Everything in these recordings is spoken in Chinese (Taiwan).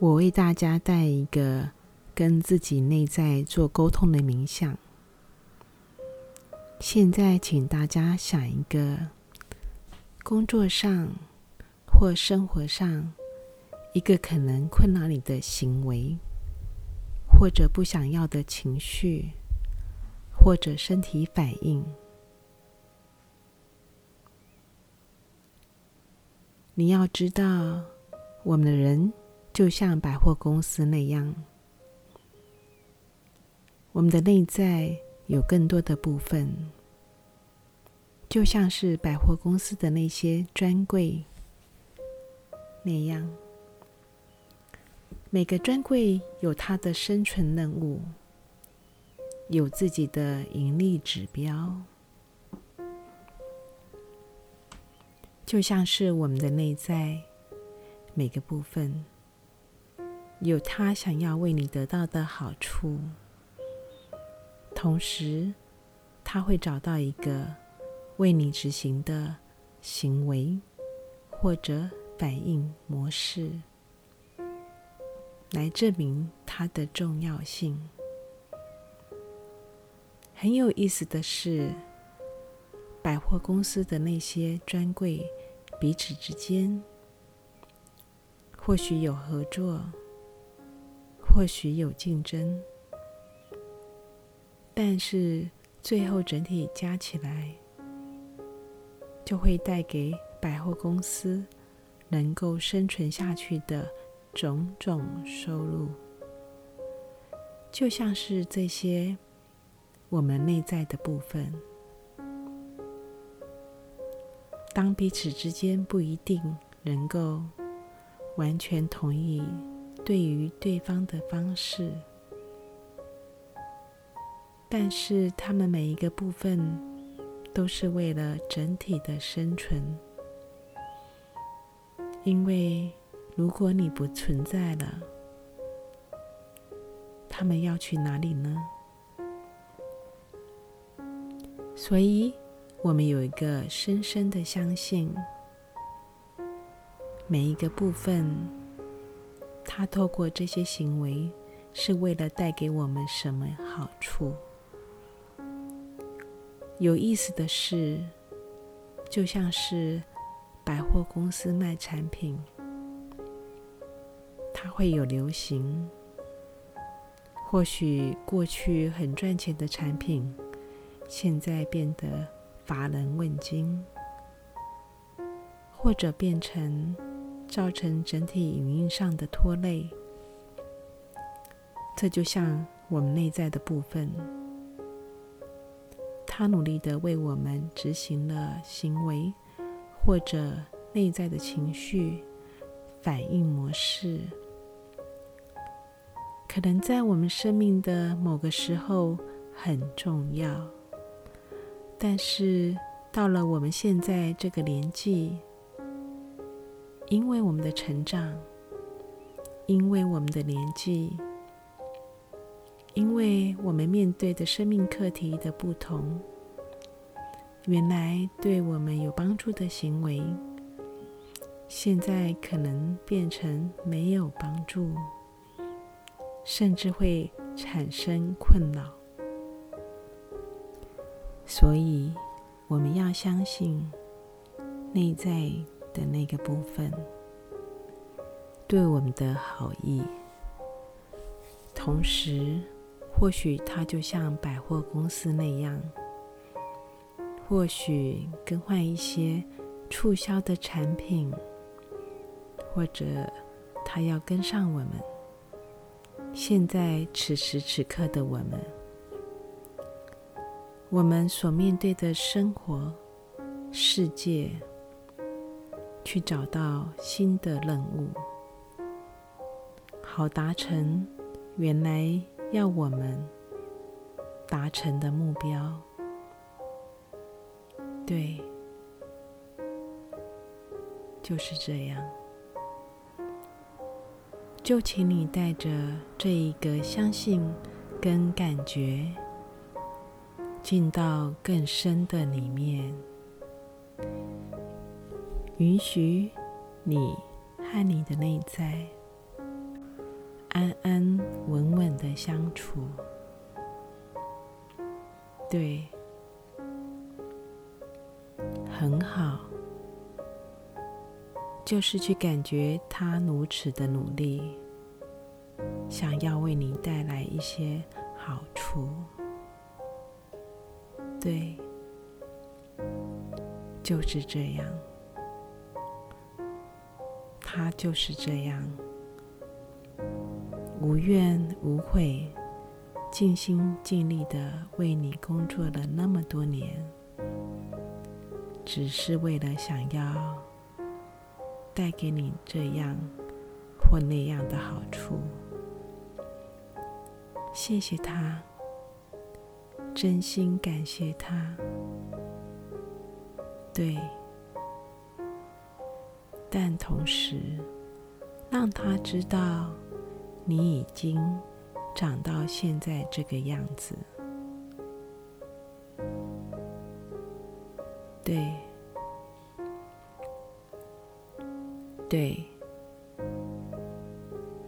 我為大家帶一個跟自己內在做溝通的冥想。現在，請大家想一個工作上或生活上一個可能困擾你的行為，或者不想要的情緒，或者身體反應。你要知道，我們的人。就像百貨公司那樣，我們的內在有更多的部分，就像是百貨公司的那些專櫃那樣。每個專櫃有它的生存任務，有自己的盈利指標，就像是我們的內在每個部分。有他想要為你得到的好處，同時他會找到一個為你執行的行為或者反應模式，來證明他的重要性。很有意思的是，百貨公司的那些專櫃彼此之間或許有合作。或許有競爭，但是最後整體加起來，就會帶給百貨公司能夠生存下去的種種收入。就像是這些我們內在的部分，當彼此之間不一定能夠完全同意。對於對方的方式，但是他們每一個部分都是為了整體的生存，因為如果你不存在了，他們要去哪裡呢？所以，我們有一個深深的相信，每一個部分。他透過這些行為是為了帶給我們什麼好處？有意思的是，就像是百貨公司賣產品，它會有流行，或許過去很賺錢的產品，現在變得乏人問津，或者變成。造成整體營運上的拖累。這就像我們內在的部分，他努力的為我們執行了行為，或者內在的情緒反應模式，可能在我們生命的某個時候很重要，但是到了我們現在這個年紀。因為我們的成長，因為我們的年紀，因為我們面對的生命課題的不同，原來對我們有幫助的行為，現在可能變成沒有幫助，甚至會產生困擾。所以，我們要相信內在。的那個部分，對我們的好意，同時，或許它就像百貨公司那樣，或許更換一些促銷的產品，或者他要跟上我們。現在此時此刻的我們，我們所面對的生活世界。去找到新的任務，好達成原來要我們達成的目標。對，就是這樣。就請你帶着這一個相信跟感覺，進到更深的裡面。允許你和你的內在安安穩穩的相處，對，很好。就是去感覺他如此的努力，想要為你帶來一些好處，對，就是這樣。他就是這樣，無怨無悔，盡心盡力的為你工作了那麼多年，只是為了想要帶給你這樣或那樣的好處。謝謝他，真心感謝他。對。但同時，讓他知道你已經長到現在這個樣子。對，對，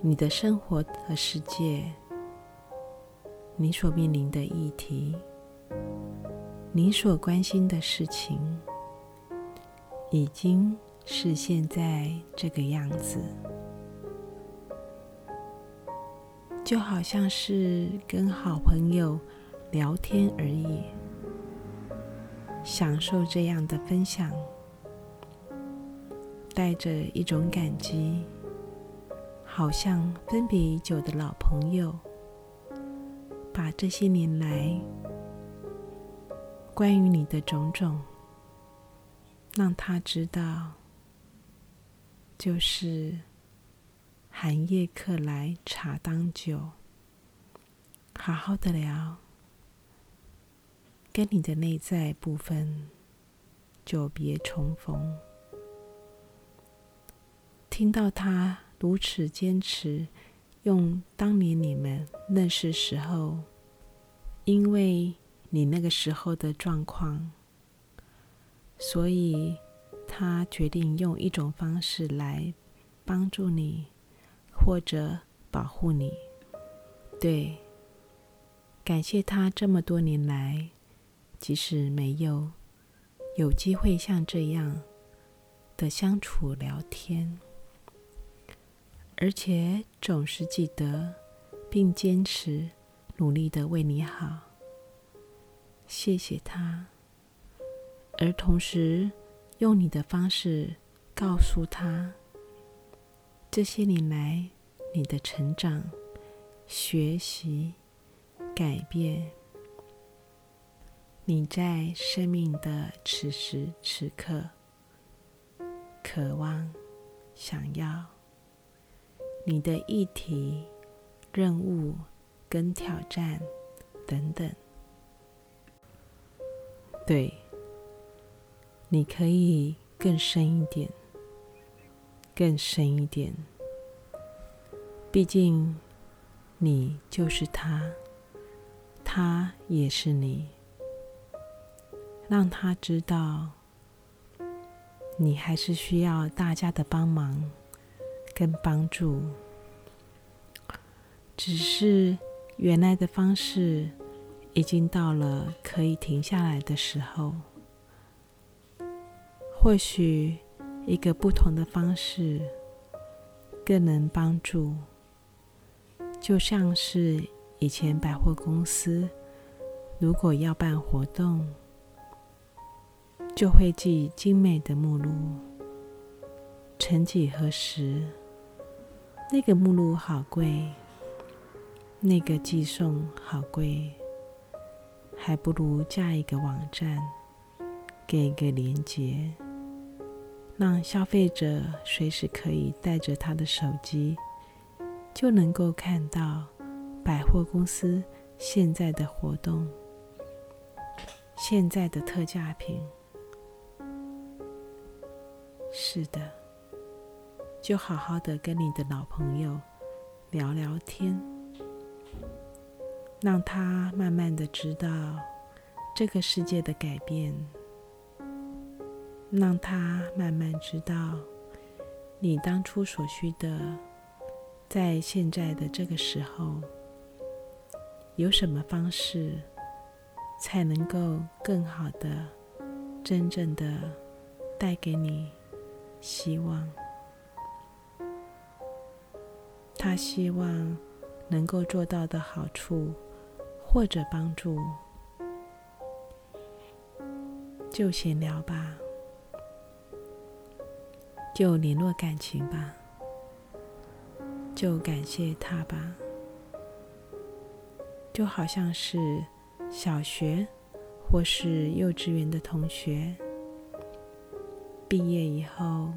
你的生活和世界，你所面臨的議題，你所關心的事情，已經。是現在這個樣子，就好像是跟好朋友聊天而已，享受這樣的分享，帶着一種感激，好像分別已久的老朋友，把這些年來關於你的種種，讓他知道。就是寒夜客來茶當酒，好好的聊，跟你的內在部分久別重逢，聽到他如此堅持，用當年你們認識時候，因為你那個時候的狀況，所以。他決定用一種方式來幫助你，或者保護你。對，感謝他這麼多年來，即使沒有有機會像這樣的相處聊天，而且總是記得並堅持努力的為你好。謝謝他，而同時。用你的方式告訴他，這些年來你的成長、學習、改變，你在生命的此時此刻渴望、想要你的議題、任務跟挑戰等等，對。你可以更深一點，更深一點。畢竟，你就是他，他也是你。讓他知道，你還是需要大家的幫忙跟幫助。只是原來的方式，已經到了可以停下來的時候。或許一個不同的方式，更能幫助。就像是以前百貨公司，如果要辦活動，就會寄精美的目錄。曾幾何時，那個目錄好貴，那個寄送好貴，還不如架一個網站，給一個連結。讓消費者隨時可以帶着他的手機，就能夠看到百貨公司現在的活動、現在的特價品。是的，就好好的跟你的老朋友聊聊天，讓他慢慢的知道這個世界的改變。讓他慢慢知道，你當初所需的，在現在的這個時候，有什麼方式才能夠更好的、真正的帶給你希望。他希望能夠做到的好處或者幫助，就閒聊吧。就聯絡感情吧，就感謝他吧，就好像是小學或是幼稚園的同學，畢業以後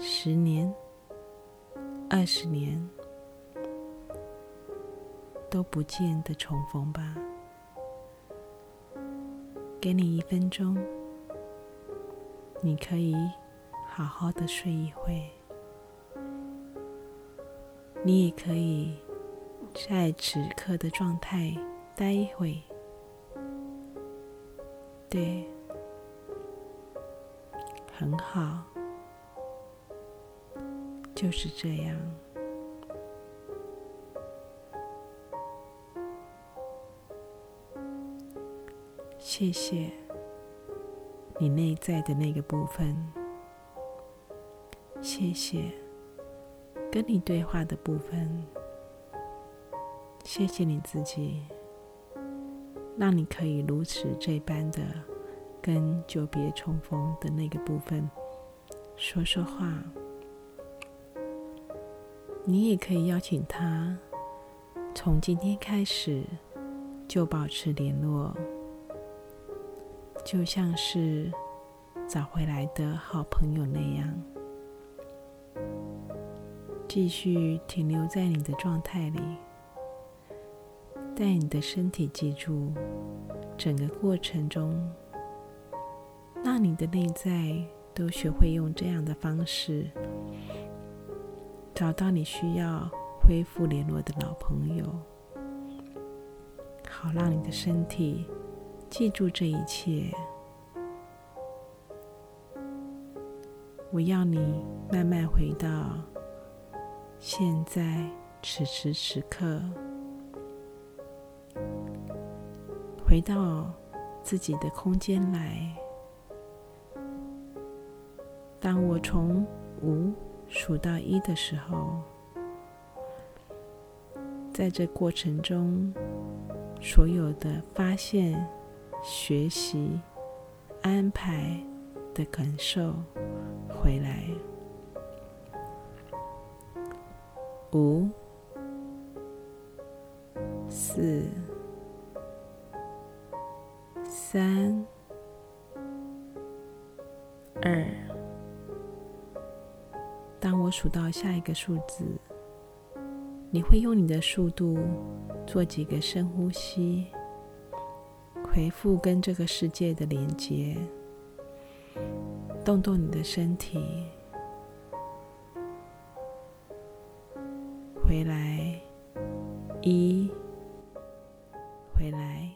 十年、二十年都不見的重逢吧。給你一分鐘，你可以。好好的睡一會，你也可以在此刻的狀態待一會。對，很好，就是這樣。謝謝你內在的那個部分。謝謝跟你對話的部分，謝謝你自己，讓你可以如此這般的跟久別重逢的那個部分說說話。你也可以邀請他，從今天開始就保持聯絡，就像是找回來的好朋友那樣。繼續停留在你的狀態裡，但你的身體記住整個過程中，讓你的內在都學會用這樣的方式找到你需要恢復聯絡的老朋友，好讓你的身體記住這一切。我要你慢慢回到。現在，此時此刻，回到自己的空間來。當我從五數到一的時候，在這過程中，所有的發現、學習、安排的感受回來。五四三二，當我數到下一個數字，你會用你的速度做幾個深呼吸，恢復跟這個世界的連接，動動你的身體。回來，一回來。